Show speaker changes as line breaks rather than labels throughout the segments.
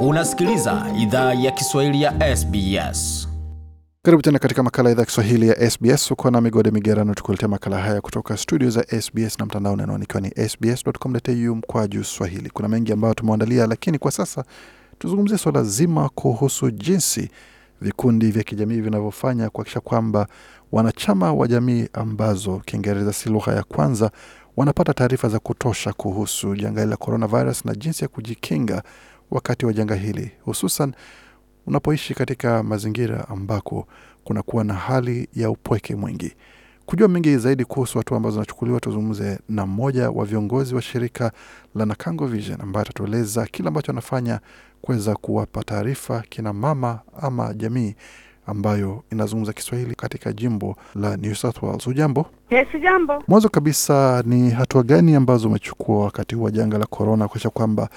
Unasikiliza idhaa ya Kiswahili ya SBS. Karibu tena katika makala idhaa ya Kiswahili ya SBS. Uko na migode migerano, tukuletea makala haya kutoka studio za SBS na mtandao anwani ikiwa ni sbs.com.au juu swahili. Kuna mengi ambayo tumeandalia, lakini kwa sasa tuzungumzie swala zima kuhusu jinsi vikundi vya kijamii vinavyofanya kuhakikisha kwamba wanachama wa jamii ambazo Kiingereza si lugha ya kwanza wanapata taarifa za kutosha kuhusu janga hili la coronavirus na jinsi ya kujikinga wakati wa janga hili, hususan unapoishi katika mazingira ambako kunakuwa na hali ya upweke mwingi. Kujua mengi zaidi kuhusu hatua ambazo zinachukuliwa, tuzungumze na mmoja wa viongozi wa shirika la Nakango Vision ambaye atatueleza kile ambacho anafanya kuweza kuwapa taarifa kina mama ama jamii ambayo inazungumza Kiswahili katika jimbo la New South Wales. Hujambo? Yes, Mwanzo kabisa ni hatua gani ambazo umechukua wakati huu wa janga la korona kuakisha kwamba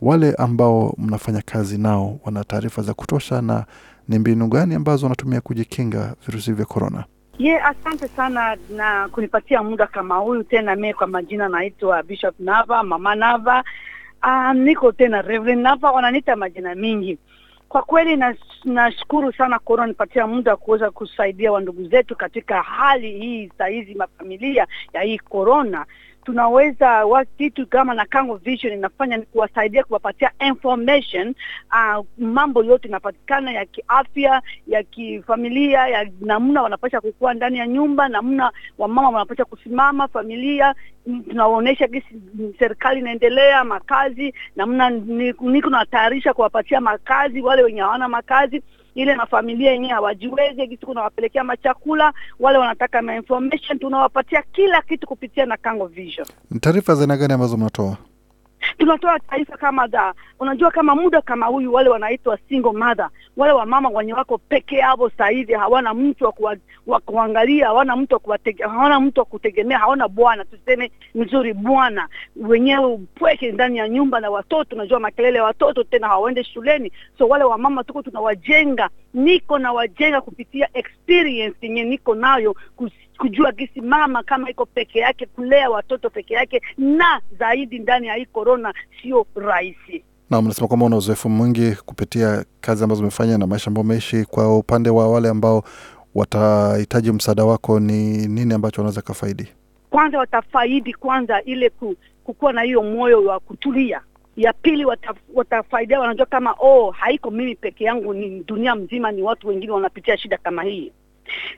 wale ambao mnafanya kazi nao wana taarifa za kutosha, na ni mbinu gani ambazo wanatumia kujikinga virusi vya korona?
Ye yeah, asante sana na kunipatia muda kama huyu tena. Mie kwa majina naitwa Bishop Nava, Mama Nava. Uh, niko tena Reverend Nava, wananiita majina mingi kwa kweli. Nashukuru na sana korona nipatia muda wa kuweza kusaidia wandugu zetu katika hali hii sahizi, mafamilia ya hii korona tunaweza kitu kama na Kango Vision inafanya ni kuwasaidia kuwapatia information uh, mambo yote inapatikana ya kiafya, ya kifamilia, ya namna wanapasha kukua ndani ya nyumba, namna wamama wanapasha kusimama familia. Mm, Tunawaonyesha gisi serikali inaendelea makazi, namna niko natayarisha kuwapatia makazi wale wenye hawana makazi ile mafamilia yenyewe hawajiwezi, kitu tunawapelekea machakula, wale wanataka ma information tunawapatia kila kitu kupitia na Kango Vision.
Taarifa za aina gani ambazo mnatoa?
tunatoa taarifa kama da Unajua, kama muda kama huyu, wale wanaitwa single mother, wale wamama wenye wako peke yao sasa hivi, hawana mtu wa, kuangalia, hawana mtu wa hawana mtu wa kutegemea, hawana bwana, tuseme mzuri, bwana wenyewe upweke ndani ya nyumba na watoto. Unajua makelele ya watoto, tena hawaende shuleni, so wale wamama tuko tunawajenga niko na wajenga kupitia experience yenye niko nayo kujua gisi mama kama iko peke yake kulea watoto peke yake, na zaidi ndani ya hii corona sio rahisi.
Na mnasema kwamba una uzoefu mwingi kupitia kazi ambazo umefanya na maisha ambayo umeishi. Kwa upande wa wale ambao watahitaji msaada wako, ni nini ambacho wanaweza kafaidi?
Kwanza watafaidi kwanza ile ku, kukuwa na hiyo moyo wa kutulia ya pili watafaidia wanajua kama oh, haiko mimi peke yangu, ni dunia mzima, ni watu wengine wanapitia shida kama hii.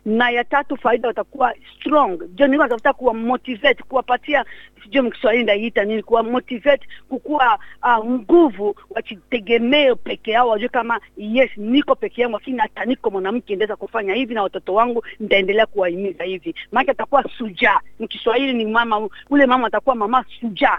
Na ya tatu faida watakuwa strong. Ndio niko natafuta kuwa motivate, kuwapatia sijui mkiswahili ndaiita nini, kuwa motivate, kukuwa ah, nguvu, uh, wachitegemee peke yao, wajue kama yes, niko peke yangu, lakini hata niko mwanamke ndaweza kufanya hivi na watoto wangu nitaendelea kuwahimiza hivi, maana atakuwa sujaa. Mkiswahili ni mama, ule mama atakuwa mama sujaa.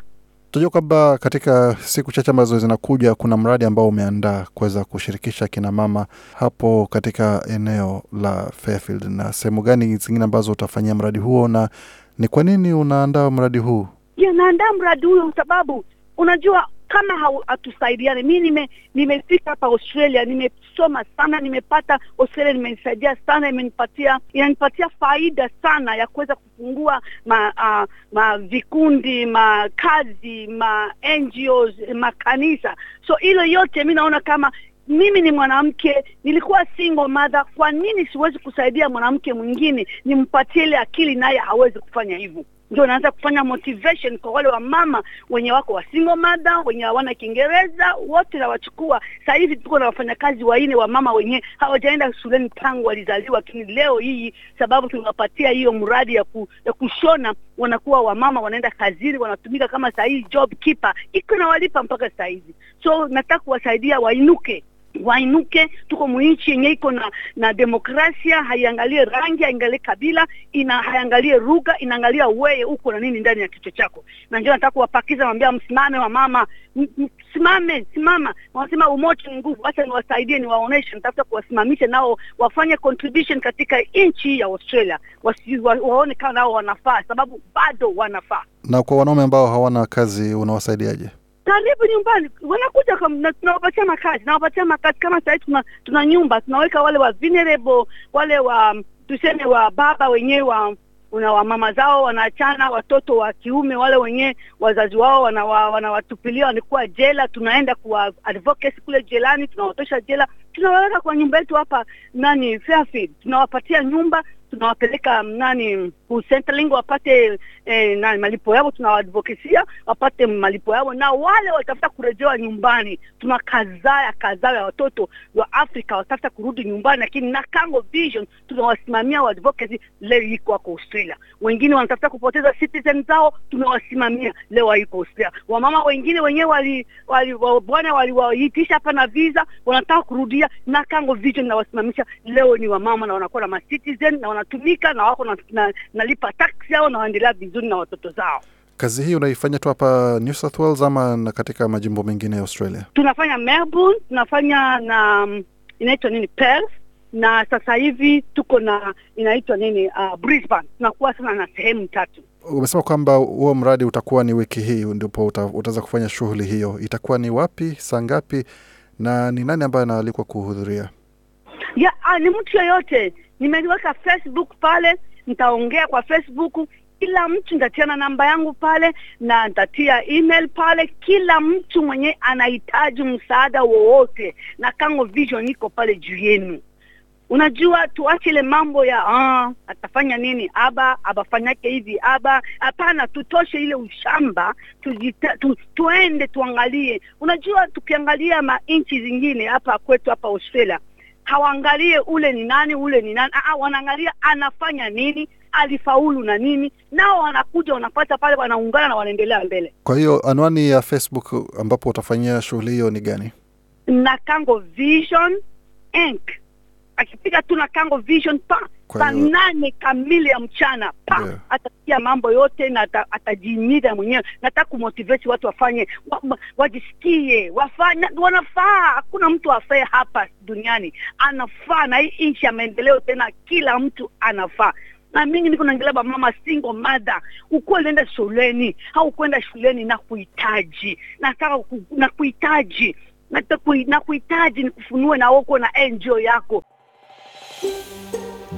Tunajua kwamba katika siku chache ambazo zinakuja kuna mradi ambao umeandaa kuweza kushirikisha kina mama hapo katika eneo la Fairfield, na sehemu gani zingine ambazo utafanyia mradi huo, na ni kwa nini unaandaa mradi huu?
Yeah, naandaa mradi huo sababu unajua kama hatusaidiane. Mi nime nimefika hapa Australia, nimesoma sana, nimepata Australia, nimenisaidia sana, imenipatia inanipatia faida sana ya kuweza kufungua ma, uh, ma vikundi makazi ma NGOs makanisa. So hilo yote mi naona kama mimi ni mwanamke, nilikuwa single mother. Kwa nini siwezi kusaidia mwanamke mwingine, nimpatie ile akili, naye hawezi kufanya hivyo? ndio naanza kufanya motivation kwa wale wa mama wenye wako wa single mother, wenye hawana Kiingereza, wote nawachukua. Sasa hivi tuko na wafanyakazi waine wa mama wenye hawajaenda shuleni tangu walizaliwa, lakini leo hii sababu tunawapatia hiyo mradi ya, ku, ya kushona, wanakuwa wamama wanaenda kazini, wanatumika kama sahii job keeper iko nawalipa mpaka sasa hivi. So nataka kuwasaidia wainuke wainuke tuko mwinchi yenye iko na na demokrasia, haiangalie rangi, haiangalie kabila, ina haiangalie rugha inaangalia wewe uko na nini ndani ya kichwa chako. Na ndio nataka kuwapakiza, mwambia msimame wa mama, msimame, simama. Wanasema umoja ni nguvu, acha niwasaidie, niwaoneshe, nitafuta kuwasimamisha nao wafanye contribution katika nchi ya Australia, wasi, wa, waone kama nao wanafaa, sababu bado wanafaa.
Na kwa wanaume ambao hawana kazi unawasaidiaje?
karibu nyumbani, wanakuja tunawapatia makazi, nawapatia makazi. Kama sahii tuna, tuna nyumba tunaweka wale wa vulnerable, wale wa tuseme wa baba wenyewe wa una mama zao wanaachana, watoto wa kiume wale wenyewe wazazi wao wanawatupilia, wana wanakuwa jela. Tunaenda kuwa advocacy kule jelani, tunawatosha jela, tunawaweka kwa nyumba yetu hapa nani Fairfield, tunawapatia nyumba, tunawapeleka nani ku Centrelink wapate eh, na malipo yao, tunawaadvokesia wapate malipo yao, na wale watafuta kurejewa nyumbani, tuna kadhaa ya kadhaa ya watoto wa Afrika watafuta kurudi nyumbani, lakini na Kango Vision tunawasimamia wa advocacy, leo iko kwa Australia. Wengine wanatafuta kupoteza citizen zao, tunawasimamia leo iko Australia. Wamama wengine wenyewe wali, wali, bwana waliwaitisha hapa na visa, wanataka kurudia na kango Vision na wasimamisha leo ni wamama na wanakuwa na ma citizen na wanatumika na wako na, na nalipa taksi yao na waendelea vizuri na watoto zao.
Kazi hii unaifanya tu hapa New South Wales ama na katika majimbo mengine ya Australia?
Tunafanya Melbourne, tunafanya na um, inaitwa nini Perth, na sasa hivi tuko na inaitwa nini uh, Brisbane. Tunakuwa sana na sehemu tatu.
Umesema kwamba huo mradi utakuwa ni wiki hii ndipo utaweza kufanya shughuli hiyo. Itakuwa ni wapi, saa ngapi, na ni nani ambaye anaalikwa kuhudhuria?
Ya, a, ah, ni mtu yoyote. Nimeweka Facebook pale nitaongea kwa Facebook, kila mtu nitatia na namba yangu pale na nitatia email pale. Kila mtu mwenye anahitaji msaada wowote na Kango Vision niko pale juu yenu. Unajua, tuache ile mambo ya ah, atafanya nini aba abafanyake hivi aba. Hapana, tutoshe ile ushamba tujita, tu, tuende tuangalie. Unajua, tukiangalia ma inchi zingine hapa kwetu hapa Australia hawaangalie ule ni nani, ule ni nani. Aa, ah, ah, wanaangalia anafanya nini, alifaulu na nini, nao wanakuja wanapata pale, wanaungana na wanaendelea mbele.
Kwa hiyo anwani ya Facebook ambapo utafanyia shughuli hiyo ni gani?
Nakango Vision Inc akipiga tu na Kango Vision pa saa nane kamili ya mchana pa yeah. atasikia mambo yote na atajimida mwenyewe. Nataka kumotivate watu wafanye wa, wa, wajisikie wafanye, wanafaa. Hakuna mtu afae hapa duniani, anafaa na hii nchi ya maendeleo, tena kila mtu anafaa na mingi niko naangelea bamama single mother, ukuwa ulienda shuleni au kwenda shuleni na kuhitaji nataka na kuhitaji na kuhitaji nikufunue na woko na enjo yako.